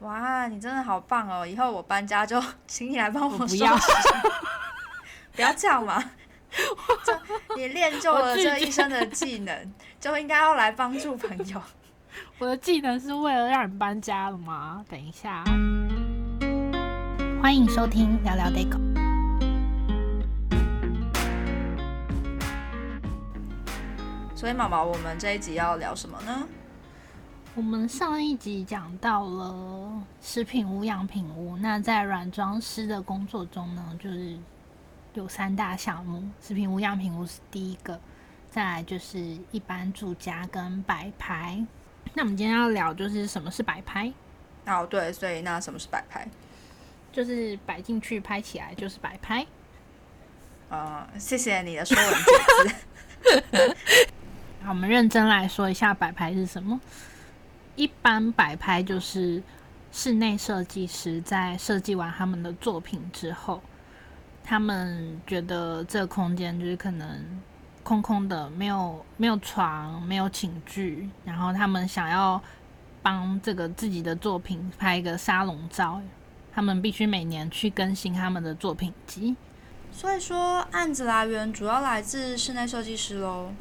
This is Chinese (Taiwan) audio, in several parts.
哇，你真的好棒哦！以後我搬家就請你來幫我收拾。我不要。 不要這樣嘛！你我 練就了這一身的技能，就應該要來幫助朋友。我的技能是為了讓你搬家了嗎？等一下，歡迎收聽聊聊 DECO。所以毛毛，我們這一集要聊什麼呢？我們上一集講到了實品屋、樣品屋，那在軟裝師的工作中呢，就是有三大項目，實品屋、樣品屋是第一個，再來就是一般住家跟擺拍。那我們今天要聊就是什麼是擺拍哦，oh, 對，所以那什麼是擺拍？就是擺進去拍起來就是擺拍。呃，uh, 謝謝你的說文解字。 好，我們認真來說一下擺拍是什麼。一般擺拍就是室內設計師在設計完他們的作品之後，他們覺得這個空間就是可能空空的，沒有沒有床，沒有寢具，然後他們想要幫這個自己的作品拍一個沙龍照，他們必須每年去更新他們的作品集，所以說案子來源主要來自室內設計師咯。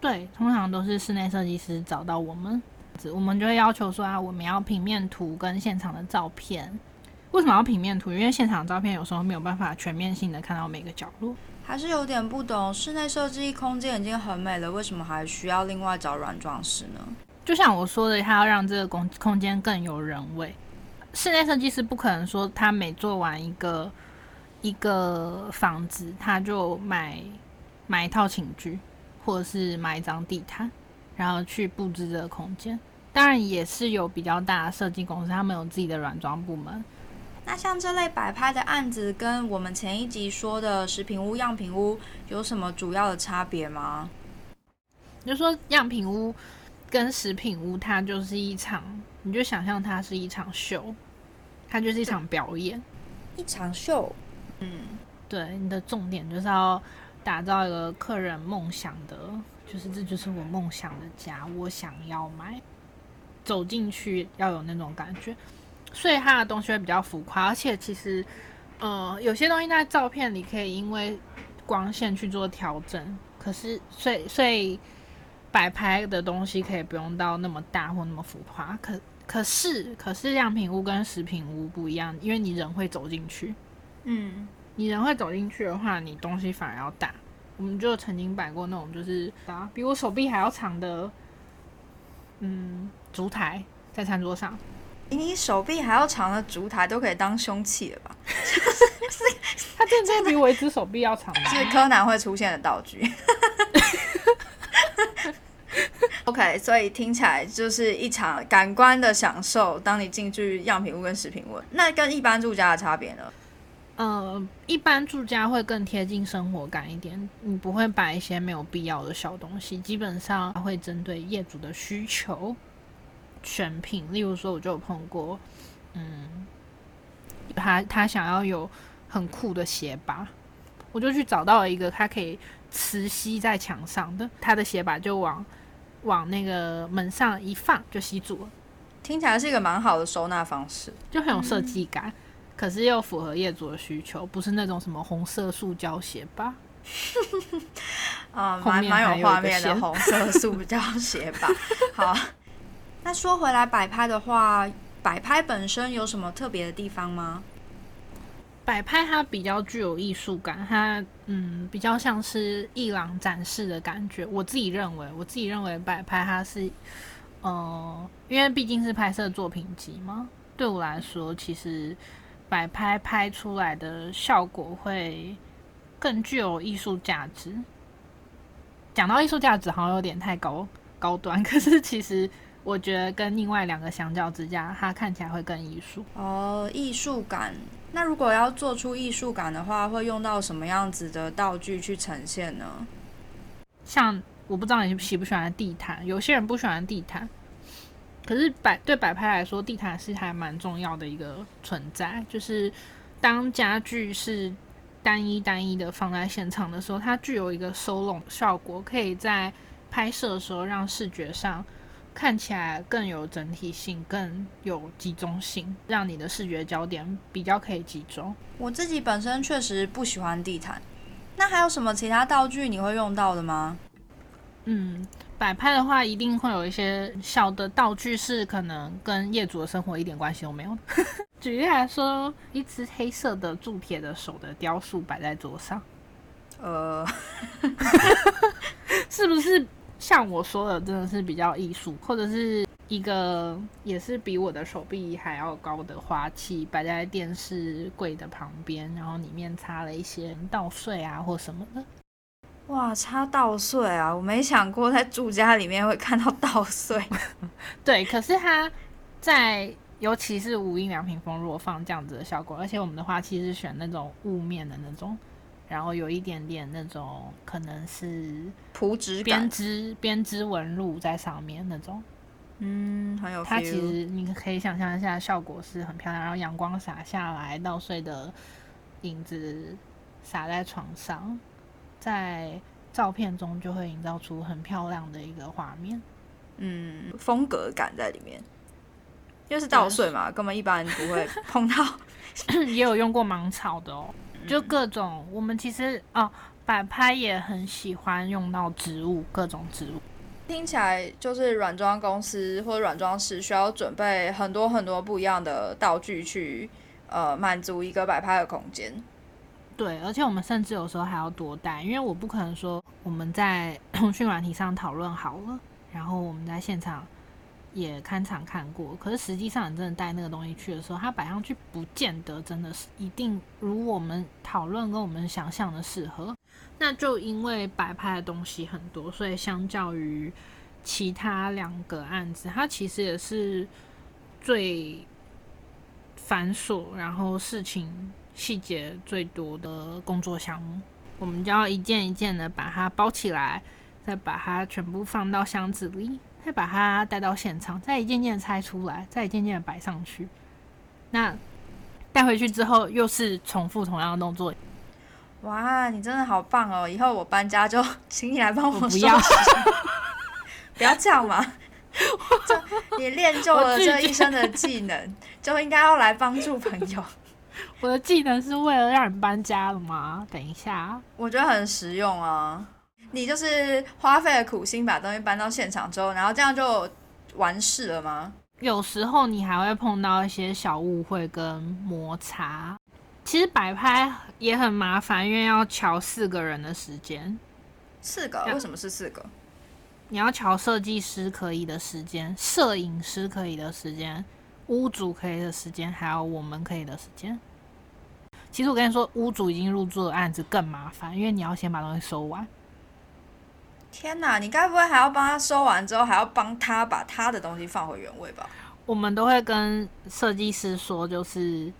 對，通常都是室內設計師找到我們。我們就會要求說啊，我們要平面圖跟現場的照片。為什麼要平面圖？因為現場照片有時候沒有辦法全面性的看到每個角落。還是有點不懂，室內設計空間已經很美了，為什麼還需要另外找軟裝師呢？就像我說的，他要讓這個空空間更有人味。室內設計師不可能說他每做完一個一個房子，他就買買一套寢具，或者是買一張地毯。然後去布置這個空間，當然也是有比較大的設計公司，他們有自己的軟裝部門。那像這類擺拍的案子，跟我們前一集說的實品屋、樣品屋有什麼主要的差別嗎？你就說樣品屋跟實品屋，它就是一場，你就想象它是一場秀，它就是一場表演，嗯、一場秀。嗯，對，你的重點就是要打造一個客人夢想的。就是，這就是我夢想的家，我想要買，走進去要有那種感覺，所以它的東西會比較浮誇。而且其實，呃，有些東西在照片裡可以因為光線去做調整，可是，所以，所以擺拍的東西可以不用到那麼大或那麼浮誇。可，可是，可是樣品屋跟實品屋不一樣，因為你人會走進去，嗯，你人會走進去的話，你東西反而要大。我們就曾經擺過那種，就是啊，比我手臂還要長的，嗯，燭台在餐桌上。比你手臂還要長的燭台都可以當兇器了吧？是， 它真的比我一隻手臂要長。是柯南會出現的道具。 OK，所以聽起來就是一場感官的享受。當你進去樣品屋跟實品屋，那跟一般住家的差別呢？呃，一般住家會更貼近生活感一點，你不會擺一些沒有必要的小東西，基本上會針對業主的需求選品。例如說，我就有碰過，嗯，他他想要有很酷的鞋拔，我就去找到了一個，它可以磁吸在牆上的，他的鞋拔就往往那個門上一放就吸住了，聽起來是一個蠻好的收納方式，就很有設計感。嗯可是又符合業主的需求，不是那種什麼紅色塑膠鞋吧？ 啊，蠻蠻有畫面的紅色塑膠鞋吧。 好，那說回來擺拍的話，擺拍本身有什麼特別的地方嗎？擺拍它比較具有藝術感，它嗯，比較像是藝廊展示的感覺。我自己認為，我自己認為擺拍它是，嗯、呃，因為畢竟是拍攝作品集嘛，對我來說，其實。擺拍拍出來的效果會更具有藝術價值。講到藝術價值，好像有點太高高端，可是其實我覺得跟另外兩個相較之下，它看起來會更藝術。哦，藝術感。那如果要做出藝術感的話，會用到什麼樣子的道具去呈現呢？像我不知道你喜不喜歡地毯，有些人不喜歡地毯。可是擺對擺拍來說，地毯是還蠻重要的一個存在。就是當家具是單一單一的放在現場的時候，它具有一個收攏效果，可以在拍攝的時候讓視覺上看起來更有整體性、更有集中性，讓你的視覺焦點比較可以集中。我自己本身確實不喜歡地毯。那還有什麼其他道具你會用到的嗎？嗯，擺拍的話，一定會有一些小的道具是可能跟業主的生活一點關係都沒有。 舉例來說，一隻黑色的鑄鐵的手的雕塑擺在桌上，呃， 是不是像我說的，真的是比較藝術？或者是一個也是比我的手臂還要高的花器擺在電視櫃的旁邊，然後裡面插了一些稻穗啊或什麼的。哇，插稻穗啊！我沒想過在住家裡面會看到稻穗。 對，可是它在，尤其是無印良品風，如果放這樣子的效果，而且我們的話其實是選那種霧面的那種，然後有一點點那種可能是葡紙編織編織，編織紋路在上面那種。嗯，很有它其實你可以想象一下，效果是很漂亮，然後陽光灑下來，稻穗的影子灑在床上。在照片中就會營造出很漂亮的一個畫面，嗯，風格感在裡面。又是稻穗嘛，根本一般不會碰到。 也有用過芒草的哦，就各種。嗯、我們其實哦，擺拍也很喜歡用到植物，各種植物。聽起來就是軟裝公司或軟裝師需要準備很多很多不一樣的道具去，呃，滿足一個擺拍的空間。對，而且我們甚至有時候還要多帶，因為我不可能說我們在通訊軟體上討論好了，然後我們在現場也勘查看過，可是實際上你真的帶那個東西去的時候，它擺上去不見得真的是一定如我們討論跟我們想象的適合。那就因為擺拍的東西很多，所以相較於其他兩個案子，它其實也是最繁瑣，然後事情，細節最多的工作項目，我們就要一件一件的把它包起來，再把它全部放到箱子裡，再把它帶到現場，再一件件拆出來，再一件件的擺上去。那帶回去之後又是重複同樣的動作。哇，你真的好棒哦！以後我搬家就請你來幫我收拾。不要， 不要這樣嘛 這！你練就了這一身的技能，自 就應該要來幫助朋友。我的技能是為了讓你搬家了嗎？等一下，我覺得很實用啊！你就是花費了苦心把東西搬到現場之後，然後這樣就完事了嗎？有時候你還會碰到一些小誤會跟摩擦。其實擺拍也很麻煩，因為要喬四個人的時間。四個？為什麼是四個？你要喬設計師可以的時間，攝影師可以的時間。屋主可以的時間，還有我們可以的時間。其實我跟你說，屋主已經入住的案子更麻煩，因為你要先把東西收完。天哪，你該不會還要幫他收完之後，還要幫他把他的東西放回原位吧？我們都會跟設計師說，就是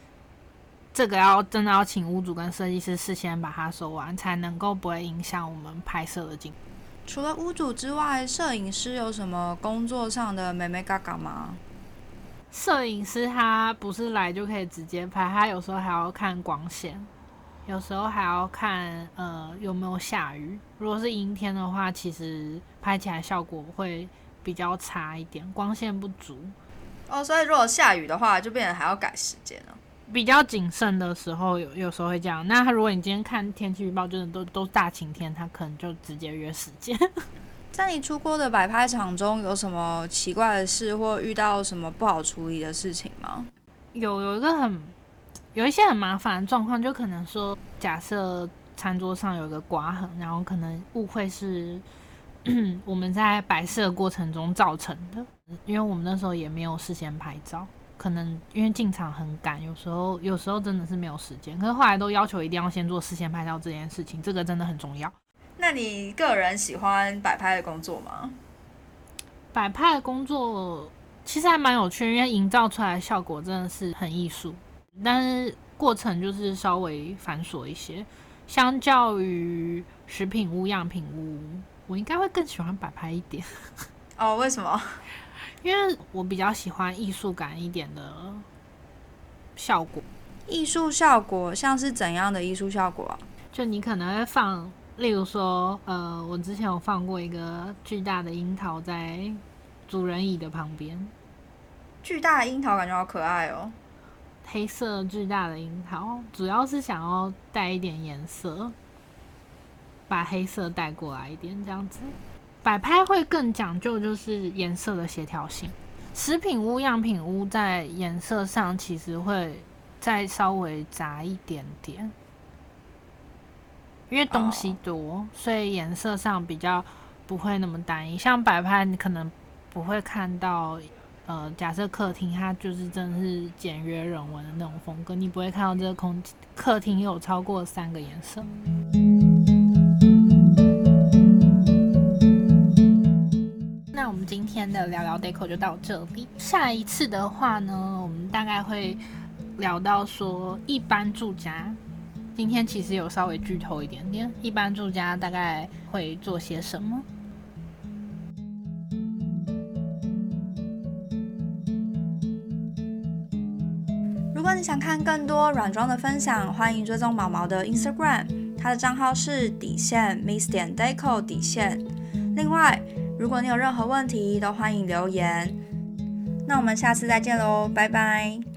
這個要真的要請屋主跟設計師事先把它收完，才能夠不會影響我們拍攝的進度。除了屋主之外，攝影師有什麼工作上的眉眉角角嗎？攝影師他不是來就可以直接拍，他有時候還要看光線，有時候還要看呃有沒有下雨。如果是陰天的話，其實拍起來效果會比較差一點，光線不足。哦，所以如果下雨的話，就變得還要改時間了。比較謹慎的時候有有時候會這樣。那如果你今天看天氣預報，就是都都是大晴天，他可能就直接約時間。 在你出國的擺拍場中，有什麼奇怪的事，或遇到什麼不好處理的事情嗎？有，有一個很，有一些很麻煩的狀況，就可能說，假設餐桌上有一個刮痕，然後可能誤會是我們在擺設的過程中造成的，因為我們那時候也沒有事先拍照，可能因為進場很趕，有時候有時候真的是沒有時間，可是後來都要求一定要先做事先拍照這件事情，這個真的很重要。那你個人喜歡擺拍的工作嗎？擺拍的工作其實還蠻有趣，因為營造出來的效果真的是很藝術，但是過程就是稍微繁瑣一些。相較於實品屋、樣品屋，我應該會更喜歡擺拍一點。哦，為什麼？因為我比較喜歡藝術感一點的效果。藝術效果像是怎樣的藝術效果啊？就你可能會放。例如說，呃，我之前有放過一個巨大的櫻桃在主人椅的旁邊。巨大的櫻桃感覺好可愛哦。黑色巨大的櫻桃，主要是想要帶一點顏色，把黑色帶過來一點，這樣子。擺拍會更講究，就是顏色的協調性。實品屋、樣品屋在顏色上其實會再稍微雜一點點。因為東西多，oh. 所以顏色上比較不會那麼單一。像擺拍，你可能不會看到，呃，假設客廳它就是真的是簡約人文的那種風格，你不會看到這個空客廳有超過三個顏色。那我們今天的聊聊 Deco 就到這裡，下一次的話呢，我們大概會聊到說一般住家。今天其實有稍微劇透一點點。一般住家大概會做些什麼？如果你想看更多軟裝的分享，歡迎追蹤毛毛的 Instagram，他的賬號是底線 Miss 點 Deco 底線。另外，如果你有任何問題，都歡迎留言。那我們下次再見嘍，拜拜。